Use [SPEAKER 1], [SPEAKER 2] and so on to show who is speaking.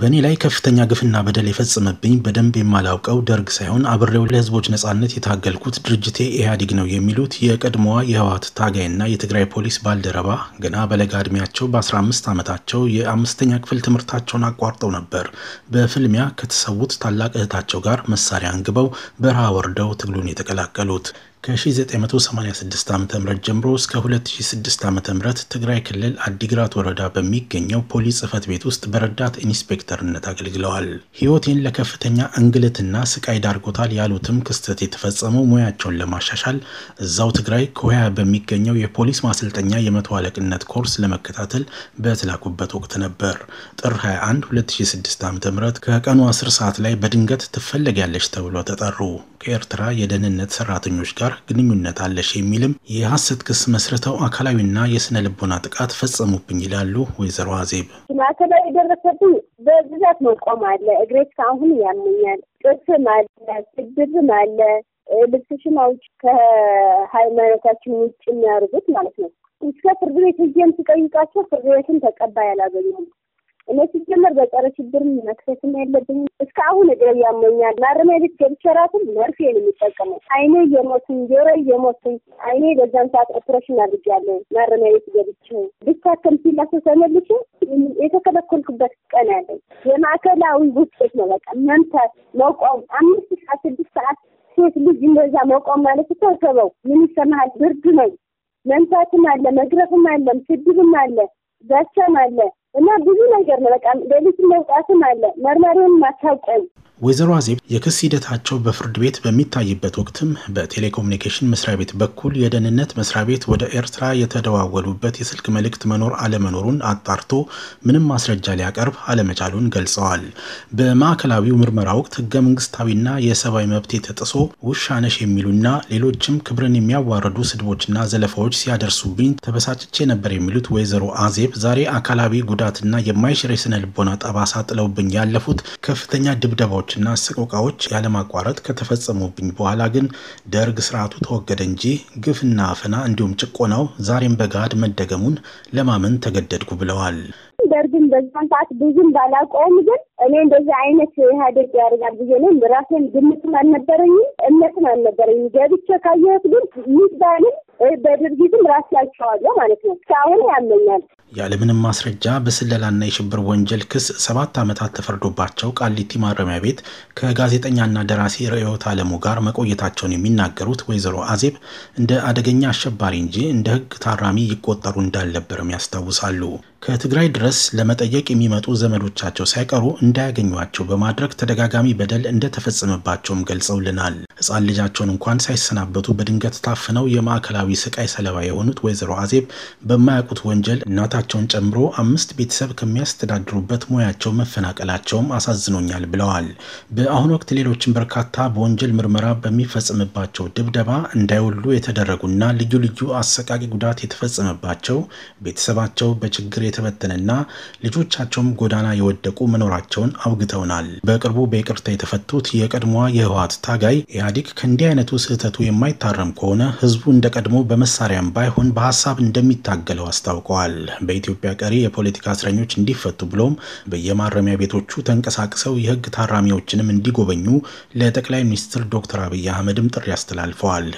[SPEAKER 1] በእኔ ላይ ከፍተኛ ግፍና በደል የፈጸመብኝ በደንብ የማላውቀው ደርግ ሳይሆን አብሬው ለህዝቦች ነጻነት የታገልኩት ድርጅቴ ኢህአዴግ ነው የሚሉት የቀድሞዋ የህወሓት ታጋይና የትግራይ ፖሊስ ባልደረባ ገና በለጋ እድሜያቸው በ15 ዓመታቸው የአምስተኛ ክፍል ትምህርታቸውን አቋርጠው ነበር በፍልሚያ ከተሰዉት ታላቅ እህታቸው ጋር መሳሪያ አንግበው በረሃ ወርደው ትግሉን የተቀላቀሉት። ከ1986 ዓ ም ጀምሮ እስከ 2006 ዓ ም ትግራይ ክልል አዲግራት ወረዳ በሚገኘው ፖሊስ ጽህፈት ቤት ውስጥ በረዳት ኢንስፔክተርነት አገልግለዋል። ህይወቴን ለከፍተኛ እንግልትና ስቃይ ዳርጎታል ያሉትም ክስተት የተፈጸመው ሙያቸውን ለማሻሻል እዛው ትግራይ ከሆያ በሚገኘው የፖሊስ ማሰልጠኛ የመቶ አለቅነት ኮርስ ለመከታተል በተላኩበት ወቅት ነበር። ጥር 21 2006 ዓ ም ከቀኑ 10 ሰዓት ላይ በድንገት ትፈለጊያለች ተብሎ ተጠሩ። ከኤርትራ የደህንነት ሰራተኞች ጋር ጋር ግንኙነት አለሽ የሚልም የሐሰት ክስ መስርተው አካላዊና የስነ ልቦና ጥቃት ፈጸሙብኝ ይላሉ ወይዘሮ አዜብ።
[SPEAKER 2] ማዕከላዊ የደረሰብኝ በብዛት መቆም አለ። እግሬ እስካሁን ያመኛል። ጥርስም አለ፣ ስድብም አለ። ልብስሽም ከሃይማኖታችን ውጭ የሚያደርጉት ማለት ነው። እስከ ፍርድ ቤት ሄጄም ስጠይቃቸው ፍርድ ቤትም ተቀባይ አላገኘም። እኔ ሲጀመር በጸረ ሽብር መክሰስም የለብኝም። እስካሁን እግሬ ያመኛል። ማረሚያ ቤት ገብቼ እራሱ መርፌ ነው የሚጠቀመው። አይኔ እየሞቱኝ፣ ጆሮ እየሞቱኝ፣ አይኔ በዛን ሰዓት ኦፕሬሽን አድርጌያለሁ። ማረሚያ ቤት ገብቼ ብታከም ሲላሰ ተመልሼ የተከለከልኩበት ቀን ያለኝ የማዕከላዊ ውጤት ነው። በቃ መምታት፣ መቆም አምስት ሰዓት ስድስት ሰዓት ሴት ልጅ እንደዛ መቆም ማለት እኮ ምን ይሰማሃል? ብርድ ነው። መንሳትም አለ፣ መግረፍም አለ፣ ስድብም አለ፣ ዛቻም አለ። እና ብዙ ነገር ነው። በቃ ሌሊት መውጣትም አለ መርማሪውን ማታውቀን
[SPEAKER 1] ወይዘሮ አዜብ የክስ ሂደታቸው በፍርድ ቤት በሚታይበት ወቅትም በቴሌኮሙኒኬሽን መስሪያ ቤት በኩል የደህንነት መስሪያ ቤት ወደ ኤርትራ የተደዋወሉበት የስልክ መልእክት መኖር አለመኖሩን አጣርቶ ምንም ማስረጃ ሊያቀርብ አለመቻሉን ገልጸዋል። በማዕከላዊው ምርመራ ወቅት ህገ መንግስታዊና የሰብአዊ መብት የተጥሶ ውሻነሽ የሚሉና ሌሎችም ክብርን የሚያዋርዱ ስድቦችና ዘለፋዎች ሲያደርሱብኝ ተበሳጭቼ ነበር የሚሉት ወይዘሮ አዜብ ዛሬ አካላዊ ጉዳትና የማይሽር የስነ ልቦና ጠባሳ ጥለውብኝ ያለፉት ከፍተኛ ድብደባዎች ግድያዎችና ሰቆቃዎች ያለማቋረጥ ከተፈጸሙብኝ በኋላ ግን ደርግ ስርዓቱ ተወገደ እንጂ ግፍና አፈና እንዲሁም ጭቆናው ዛሬም በጋድ መደገሙን ለማመን ተገደድኩ ብለዋል።
[SPEAKER 2] ደርግን በዛን ሰዓት ብዙም ባላውቀውም ግን እኔ እንደዚህ አይነት ኢህአዴግ ያደርጋል ብዬ እኔም ራሴን ግምትም አልነበረኝም እምነትም አልነበረኝም። ገብቼ ካየሁት ግን ይህ ባልም በድርጊትም ራሳቸዋለሁ ማለት ነው። እስካሁን ያመኛል።
[SPEAKER 1] ያለምንም ማስረጃ በስለላና የሽብር ወንጀል ክስ ሰባት ዓመታት ተፈርዶባቸው ቃሊቲ ማረሚያ ቤት ከጋዜጠኛና ደራሲ ርዕዮት አለሙ ጋር መቆየታቸውን የሚናገሩት ወይዘሮ አዜብ እንደ አደገኛ አሸባሪ እንጂ እንደ ሕግ ታራሚ ይቆጠሩ እንዳልነበርም ያስታውሳሉ። ከትግራይ ድረስ ለመጠየቅ የሚመጡ ዘመዶቻቸው ሳይቀሩ እንዳያገኟቸው በማድረግ ተደጋጋሚ በደል እንደተፈጸመባቸውም ገልጸውልናል። ሕፃን ልጃቸውን እንኳን ሳይሰናበቱ በድንገት ታፍነው የማዕከላዊ ስቃይ ሰለባ የሆኑት ወይዘሮ አዜብ በማያውቁት ወንጀል እናታቸውን ጨምሮ አምስት ቤተሰብ ከሚያስተዳድሩበት ሙያቸው መፈናቀላቸውም አሳዝኖኛል ብለዋል። በአሁኑ ወቅት ሌሎችን በርካታ በወንጀል ምርመራ በሚፈጽምባቸው ድብደባ እንዳይወሉ የተደረጉና ልዩ ልዩ አሰቃቂ ጉዳት የተፈጸመባቸው ቤተሰባቸው በችግር የተበተነና ልጆቻቸውም ጎዳና የወደቁ መኖራቸውን አውግተውናል። በቅርቡ በይቅርታ የተፈቱት የቀድሞዋ የህወሀት ታጋይ ኢህአዲግ ከእንዲህ አይነቱ ስህተቱ የማይታረም ከሆነ ህዝቡ እንደ ቀድሞ በመሳሪያም ባይሆን በሀሳብ እንደሚታገለው አስታውቀዋል። በኢትዮጵያ ቀሪ የፖለቲካ እስረኞች እንዲፈቱ ብሎም በየማረሚያ ቤቶቹ ተንቀሳቅሰው የህግ ታራሚዎችንም እንዲጎበኙ ለጠቅላይ ሚኒስትር ዶክተር አብይ አህመድም ጥሪ አስተላልፈዋል።